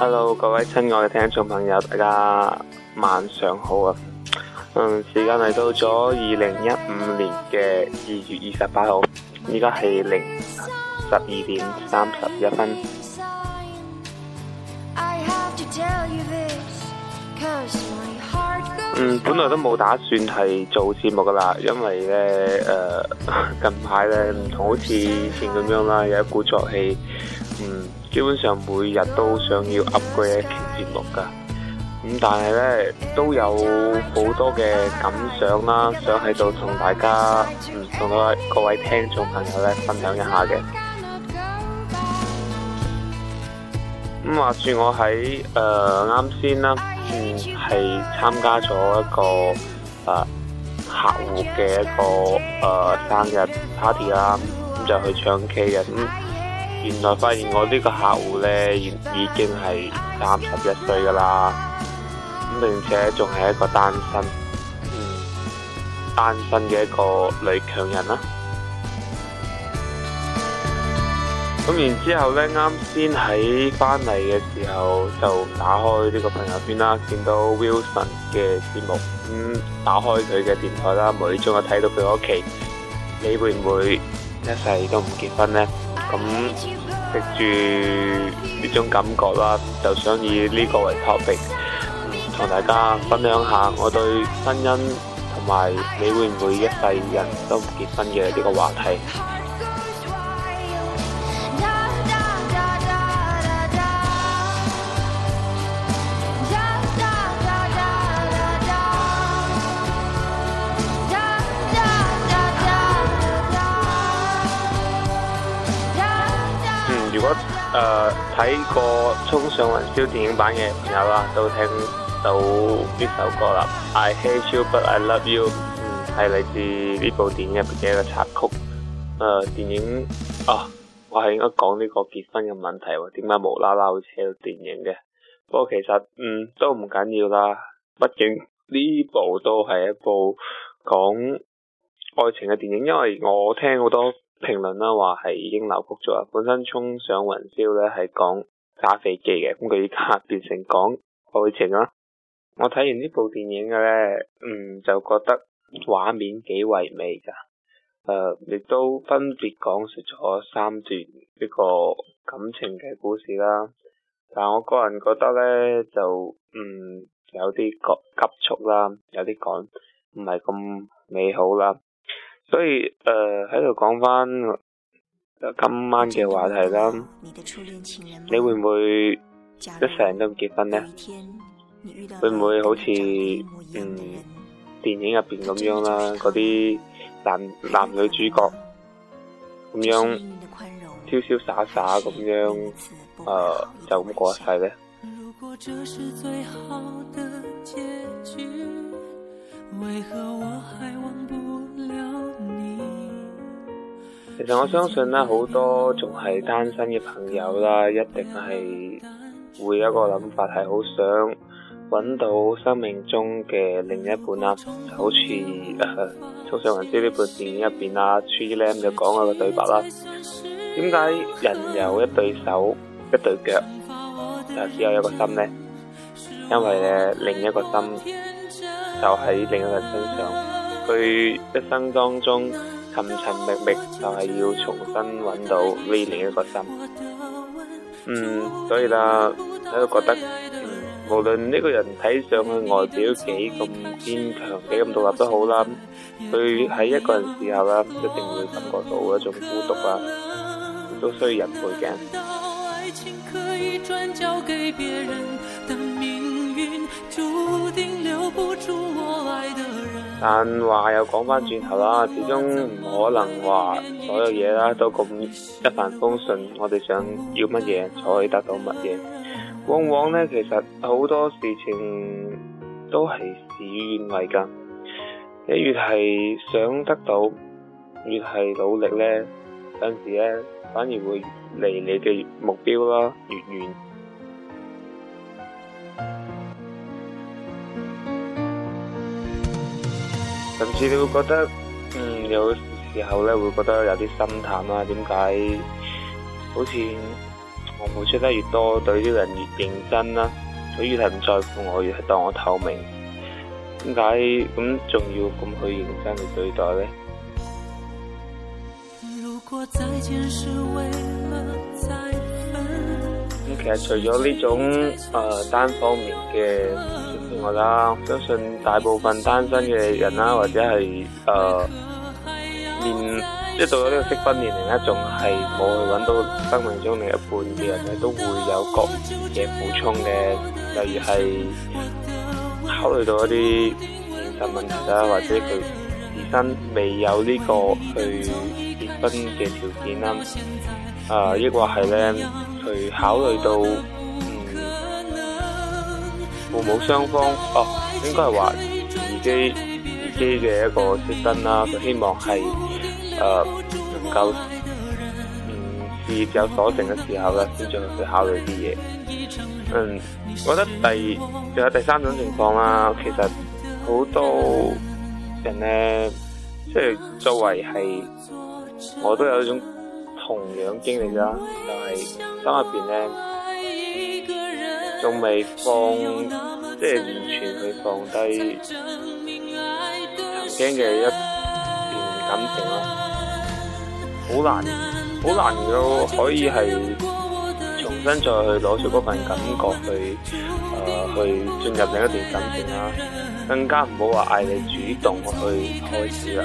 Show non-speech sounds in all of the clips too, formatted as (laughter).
hello，各位親愛嘅聽眾朋友，大家晚上好啊！嗯，時間嚟到咗2015年嘅二月28基本上每日都想要 update 一期節目噶，咁、嗯、但係咧都有好多嘅感想啦，想喺度同大家，嗯，同各位聽眾朋友咧分享一下嘅。咁話住我喺誒啱先啦，嗯係參、呃嗯、加咗一個誒、呃、客戶嘅一個誒、呃、生日 party 啦，咁、嗯、就去唱 K 嘅咁。嗯原來發現我呢個客戶呢已已經係三十一歲噶啦，咁並且仲係一個單身，嗯，單身嘅一個女強人啦。咁 (music) 然之後呢，啱先喺翻嚟嘅時候就打開呢個朋友圈啦，見到 Wilson 嘅節目，咁、嗯、打開佢嘅電台啦，無意中我睇到佢嗰期，你會唔會一世都唔結婚呢？咁食住呢種感覺啦，就想以呢個為 topic，同大家分享下我對婚姻同埋你會唔會一世人都唔結婚嘅呢個話題。誒，睇、uh, 過《衝上雲霄》電影版嘅朋友啊，都聽到呢首歌啦。I Hate You But I Love You，嗯，係嚟自呢部電影入邊嘅一個插曲。誒、uh，電影啊，我係應該講呢個結婚嘅問題喎？點解無啦啦會扯到電影嘅？不過其實嗯都唔緊要啦，畢竟呢部都係一部講愛情嘅電影，因為我聽好多。評論啦，話係已經扭曲咗，本身衝上雲霄咧係講打飛機嘅，咁佢而家變成講愛情啦。我睇完呢部電影嘅咧，嗯就覺得畫面幾唯美㗎，誒、呃、亦都分別講述咗三段呢個感情嘅故事啦。但我個人覺得咧就嗯有啲急急促啦，有啲講唔係咁美好啦。所以，誒喺度講翻今晚嘅話題啦，你會唔會一成都唔結婚咧？會唔會好似嗯電影入邊咁樣啦？嗰啲男男女主角咁樣，瀟瀟灑灑咁樣，誒就咁過一世咧？其實我相信啦，好多仲係單身嘅朋友啦，一定係會有一個諗法，係好想搵到生命中嘅另一半啦。好似，啊《衝上雲霄》呢部電影入邊啦，Chilam 就講嗰個對白啦。點解人有一對手、一對腳，就只有一個心咧？因為咧，另一個心就喺另一個人身上，佢一生當中。尋尋覓覓，迷迷迷就係要重新揾到 V、really、另一個心。嗯，所以啦，我都覺得，嗯、無論呢個人睇上去外表幾咁堅強，幾咁獨立都好啦，佢喺一個人時候啦，一定會感覺到一種孤獨啦、啊，都需要人陪嘅。 (music) 但話又講翻轉頭啦，始終唔可能話所有嘢啦都咁一帆風順。我哋想要乜嘢，才可以得到乜嘢？往往呢，其實好多事情都係事與願違噶。你越係想得到，越係努力呢，有陣時咧，反而會離你嘅目標啦越遠。甚至你會覺得，嗯，有時候咧會覺得有啲心淡啦。點解？好似我付出得越多，對啲人越認真啦，佢越係唔在乎我，越係當我透明。點解咁仲要咁去認真去對待咧？如果再見是為了再分，咁其實除咗呢種誒單方面嘅。我啦，相信大部分單身嘅人啦，或者係誒面，即、呃、係到咗呢個適婚年齡咧，仲係冇去搵到生命中另一半嘅人咧，都會有各自嘅補充嘅，例如係考慮到一啲現實問題啦，或者佢自身未有呢個去結婚嘅條件啦，啊、呃，亦或係咧，佢考慮到。父母雙方哦，應該係話自己自己嘅一個出身啦，佢希望係誒、呃、能夠嗯事業有所成嘅時候啦，先再去考慮啲嘢。嗯，我覺得第仲有第三種情況啦，其實好多人咧，即、就、係、是、作為係我都有一種同樣經歷啦，就係心入邊咧。仲未放，即係完全去放低曾經嘅一段感情啦，好難，好難，有可以係重新再去攞出嗰份感覺去，誒，去進入另一段感情啦，更加唔好話嗌你主動去開始啦，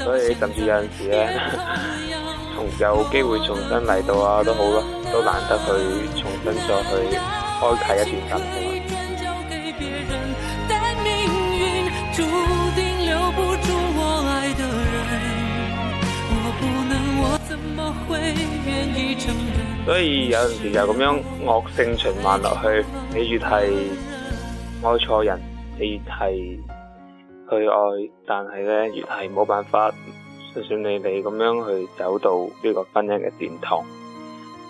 所以甚至有陣時咧，從有機會重新嚟到啊，都好咯，都難得去重新再去，開啟一段感情。 (music) 所以有陣時就咁樣惡性循環落去，你越係愛錯人，你越係去愛，但係咧越係冇辦法，順順利利咁樣去走到呢個婚姻嘅殿堂，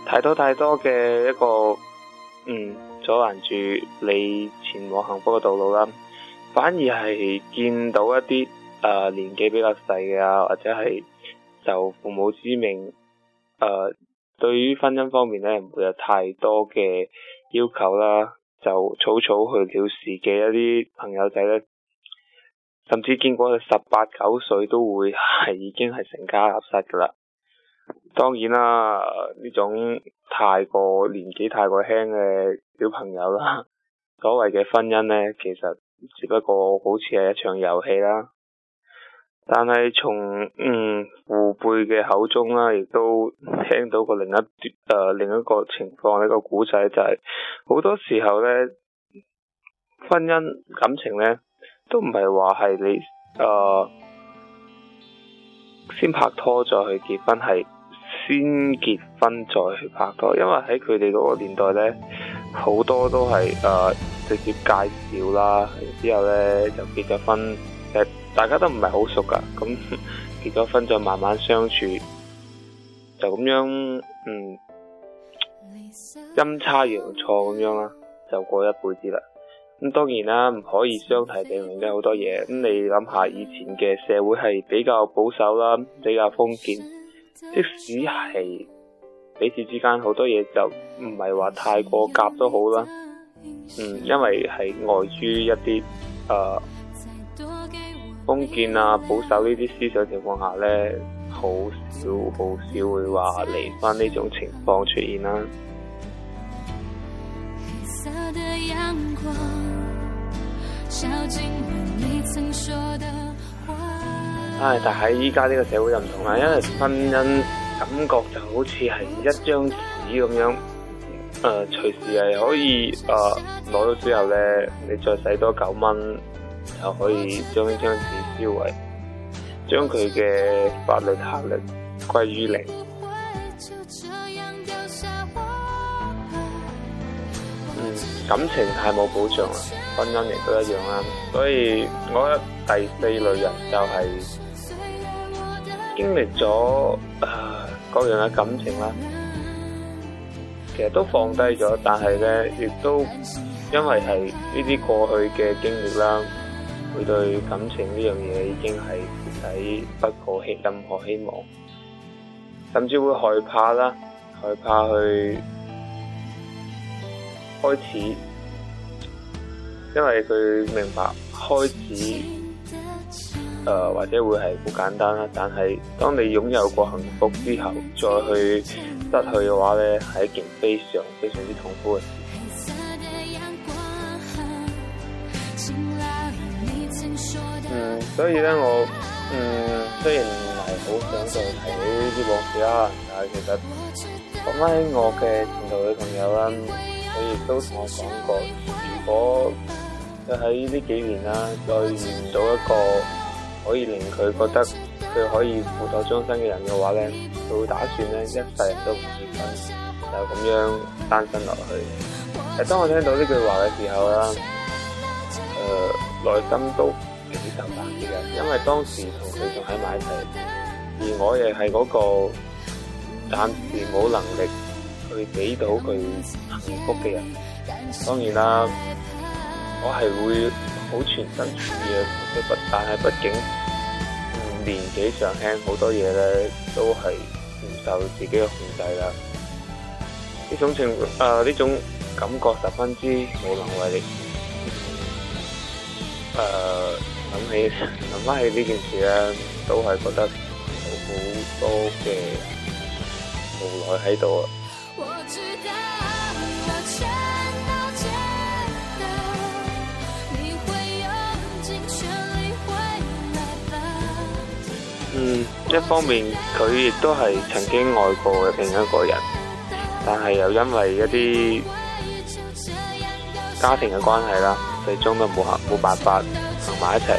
太多太多嘅一個。嗯，阻攔住你前往幸福嘅道路啦，反而係見到一啲誒、呃、年紀比較細嘅啊，或者係就父母之命誒、呃，對於婚姻方面咧唔會有太多嘅要求啦，就草草去了事嘅一啲朋友仔咧，甚至見過十八九歲都會係已經係成家立室啦。當然啦，呢種太過年紀太過輕嘅小朋友啦，所謂嘅婚姻呢，其實只不過好似係一場遊戲啦。但係從嗯父輩嘅口中啦，亦都聽到過另一段誒、呃、另一個情況呢、呢個古仔、就係，就係好多時候呢，婚姻感情呢，都唔係話係你誒、呃、先拍拖再去結婚係。先結婚再去拍拖，因為喺佢哋嗰個年代呢，好多都係誒、呃、直接介紹啦，之後呢就結咗婚、呃、大家都唔係好熟噶，咁結咗婚再慢慢相處，就咁樣嗯陰差陽錯咁樣啦，就過一輩子啦。咁當然啦，唔可以相提並論嘅好多嘢。咁你諗下，以前嘅社會係比較保守啦，比較封建。即使係彼此之間好多嘢就唔係話太過夾都好啦，嗯，因為係礙於一啲誒封建啊保守呢啲思想情況下咧，好少好少會話嚟翻呢種情況出現啦、啊。 (music) 唉、哎，但喺依家呢個社會就唔同啦，因為婚姻感覺就好似係一張紙咁樣，誒、呃，隨時係可以誒攞咗之後咧，你再使多九蚊就可以將呢張紙燒毀，將佢嘅法律效力歸於零。嗯，感情係冇保障啦。婚姻亦都一樣啦，所以我覺得第四類人就係經歷咗誒各樣嘅感情啦，其實都放低咗，但係咧亦都因為係呢啲過去嘅經歷啦，佢對感情呢樣嘢已經係睇不過希任何希望，甚至會害怕啦，害怕去開始。因為佢明白開始誒、呃、或者會係好簡單啦，但係當你擁有過幸福之後再去失去嘅話咧，係一件非常非常之痛苦嘅事。嗯，所以咧我嗯雖然唔係好想再提起呢啲往事啦，但係其實講翻起我嘅前度女朋友啦，佢亦都同我講過，如果佢喺呢幾年啦，再遇唔到一個可以令佢覺得佢可以付託終身嘅人嘅話咧，佢會打算咧一世人都唔結婚，就咁樣單身落去。誒，當我聽到呢句話嘅時候啦，誒、呃、內心都幾震啲嘅，因為當時同佢仲喺埋一齊，而我亦係嗰個暫時冇能力去俾到佢幸福嘅人。當然啦。我係會好全心全意嘅，但係畢竟年紀尚輕，好多嘢咧都係唔受自己嘅控制啦。呢種情啊呢、呃、種感覺十分之無能為力。誒、呃，諗起諗翻起呢件事咧，都係覺得好多嘅無奈喺度啊。嗯，一方面佢亦都係曾經愛過嘅另一個人，但係又因為一啲家庭嘅關係啦，最終都冇冇辦法行埋一齊。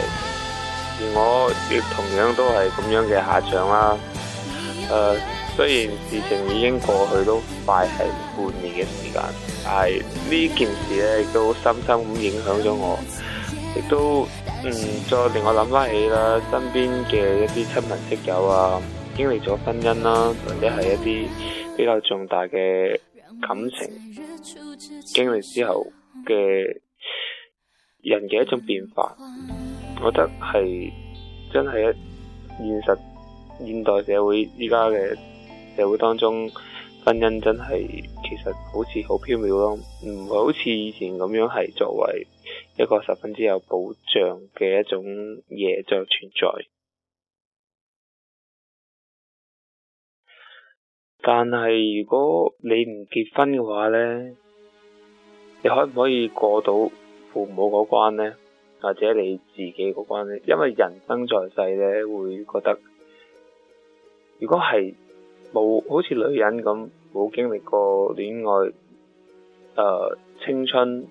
而我亦同樣都係咁樣嘅下場啦。誒、呃，雖然事情已經過去都快係半年嘅時間，但係呢件事咧亦都深深咁影響咗我。亦都嗯，再令我諗翻起啦，身邊嘅一啲親朋戚友啊，經歷咗婚姻啦、啊，或者係一啲比較重大嘅感情經歷之後嘅人嘅一種變化，我覺得係真係一現實現代社會依家嘅社會當中，婚姻真係其實好似、啊、好飄渺咯，唔係好似以前咁樣係作為。一個十分之有保障嘅一種嘢在存在，但係如果你唔結婚嘅話咧，你可唔可以過到父母嗰關咧？或者你自己嗰關咧？因為人生在世咧，會覺得如果係冇好似女人咁冇經歷過戀愛、誒、呃、青春。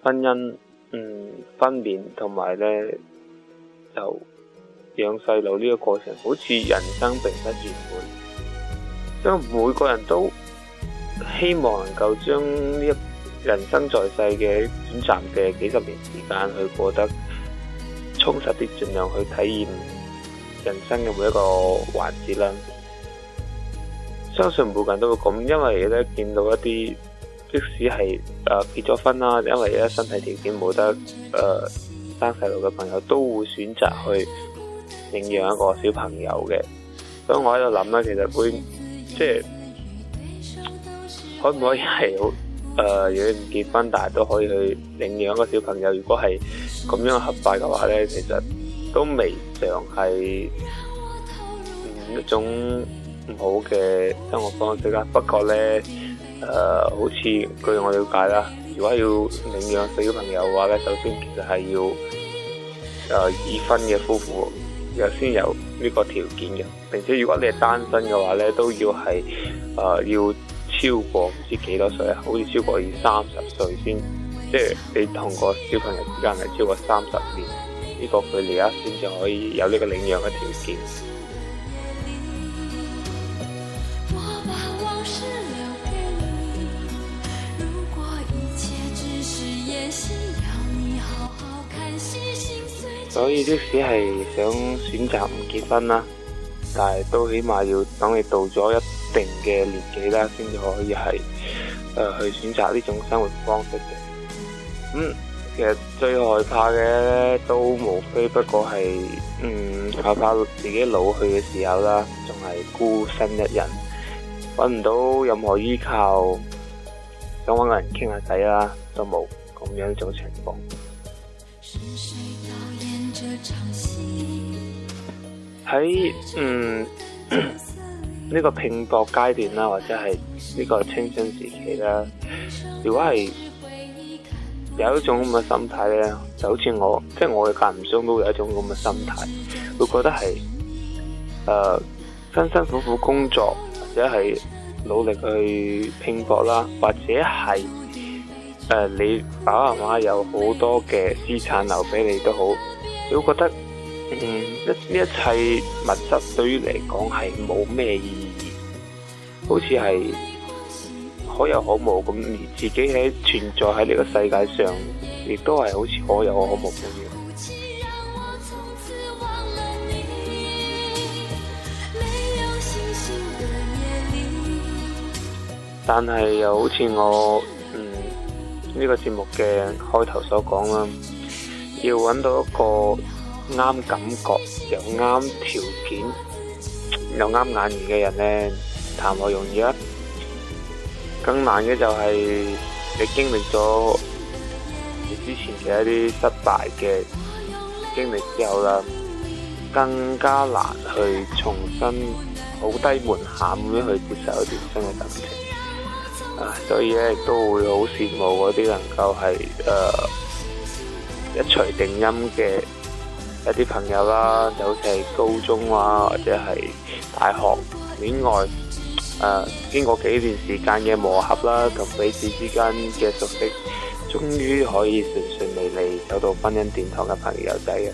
婚姻，嗯，分娩同埋咧，就養細路呢個過程，好似人生並不完滿。因為每個人都希望能夠將呢一人生在世嘅短暫嘅幾十年時間去過得充實啲，盡量去體驗人生嘅每一個環節啦。相信每個人都會咁，因為咧見到一啲。即使係誒結咗婚啦，因為咧身體條件冇得誒、呃、生細路嘅朋友，都會選擇去領養一個小朋友嘅。所以我喺度諗咧，其實會即係可唔可以係好誒，如果唔、呃、結婚但係都可以去領養一個小朋友。如果係咁樣合法嘅話咧，其實都未嘗係一種唔好嘅生活方式啦。不過咧。誒、呃，好似據我了解啦，如果要領養小朋友嘅話咧，首先其實係要誒已婚嘅夫婦，又先有呢個條件嘅。並且如果你係單身嘅話咧，都要係誒、呃、要超過唔知幾多歲，好似超過要三十歲先，即係你同個小朋友之間係超過三十年呢個距離啦，先至可以有呢個領養嘅條件。所以即使係想選擇唔結婚啦，但係都起碼要等你到咗一定嘅年紀啦，先至可以係誒、呃、去選擇呢種生活方式嘅。咁、嗯、其實最害怕嘅都無非不過係，嗯，害怕自己老去嘅時候啦，仲係孤身一人，搵唔到任何依靠，想搵個人傾下偈啦，都冇咁樣一種情況。喺嗯呢、這個拼搏階段啦，或者係呢個青春時期啦，如果係有一種咁嘅心態咧，就好似我，即係我嘅間唔中都有一種咁嘅心態，會覺得係誒、呃、辛辛苦苦工作或者係努力去拼搏啦，或者係誒、呃、你爸爸媽媽有好多嘅資產留俾你都好，你會覺得。嗯，一呢一切物質對於嚟講係冇咩意義，好似係可有可無咁。而自己喺存在喺呢個世界上，亦都係好似可有可無咁樣。但係又好似我嗯呢個節目嘅開頭所講啦，要揾到一個。啱感覺又啱條件又啱眼緣嘅人咧，談何容易啊！更難嘅就係你經歷咗你之前嘅一啲失敗嘅經歷之後啦，更加難去重新好低門檻咁樣去接受一段新嘅感情。啊，所以咧都會好羨慕嗰啲能夠係誒一錘定音嘅。一啲朋友啦，就好似係高中啊，或者係大學戀愛，誒、呃，經過幾段時間嘅磨合啦，同彼此之間嘅熟悉，終於可以順順利利走到婚姻殿堂嘅朋友仔嘅。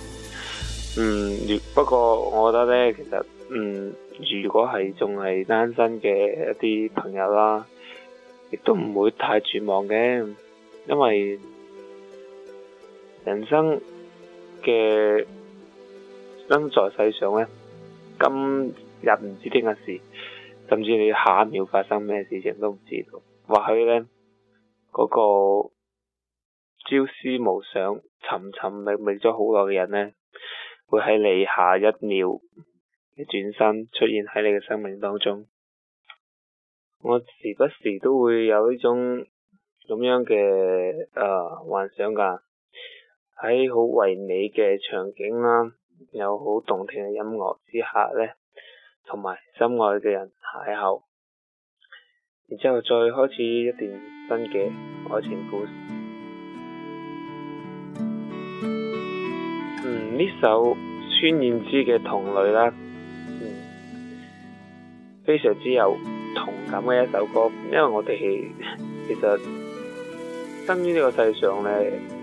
嗯，不過我覺得呢，其實，嗯，如果係仲係單身嘅一啲朋友啦，亦都唔會太絕望嘅，因為人生嘅。身在世上咧，今日唔知聽日事，甚至你下一秒發生咩事情都唔知道。或許咧，嗰、那個朝思暮想、尋尋覓覓咗好耐嘅人咧，會喺你下一秒一轉身出現喺你嘅生命當中。我時不時都會有呢種咁樣嘅誒、呃、幻想㗎，喺好唯美嘅場景啦，有好動聽嘅音樂之下咧，同埋心愛嘅人邂逅，然之後再開始一段新嘅愛情故事。嗯，呢首孫燕姿嘅同類啦，嗯，非常之有同感嘅一首歌，因為我哋其實生於呢個世上咧。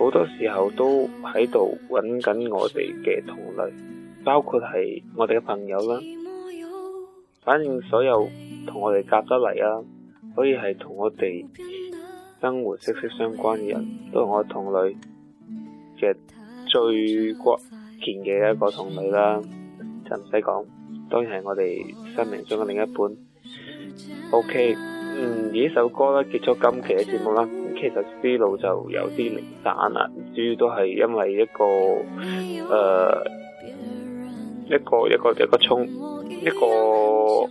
好多時候都喺度揾緊我哋嘅同類，包括係我哋嘅朋友啦。反正所有同我哋夾得嚟啊，可以係同我哋生活息息相關嘅人都係我同類嘅最關鍵嘅一個同類啦。就唔使講，當然係我哋生命中嘅另一半。OK，嗯，呢首歌啦，結束今期嘅節目啦。其實思路就有啲零散啦，主要都係因為一個誒、呃，一個一個一個衝，一個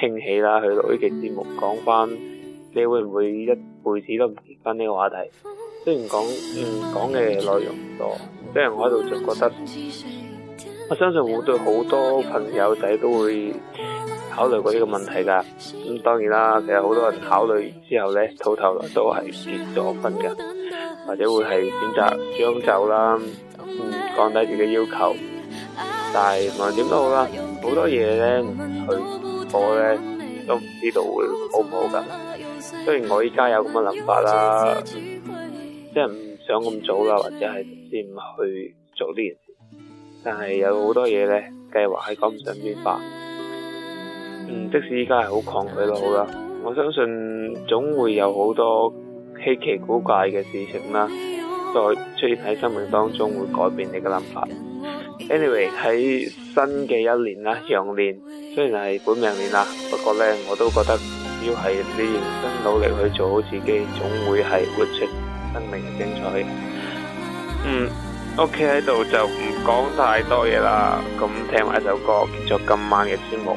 興起啦。去到呢期節目，講翻你會唔會一輩子都唔結婚呢個話題。雖然講嗯講嘅內容唔多，即係我喺度就覺得，我相信會對好多朋友仔都會。考慮過呢個問題噶，咁、嗯、當然啦，其實好多人考慮之後咧，到頭都係結咗婚噶，或者會係選擇將就啦，嗯，降低自己要求，但係無論點都好啦，好多嘢咧，佢我咧都唔知道會好唔好噶。雖然我依家有咁嘅諗法啦、嗯，即係唔想咁早啦，或者係先去做呢件事，但係有好多嘢咧，計劃係講唔上變化。嗯，即使依家係好抗拒都好啦，我相信總會有好多稀奇古怪嘅事情啦，再出現喺生命當中會改變你嘅諗法。Anyway，喺新嘅一年啦，羊年雖然係本命年啦，不過呢，我都覺得要係你認真努力去做好自己，總會係活出生命嘅精彩。嗯，OK，喺度就唔講太多嘢啦，咁聽埋一首歌，結束今晚嘅節目。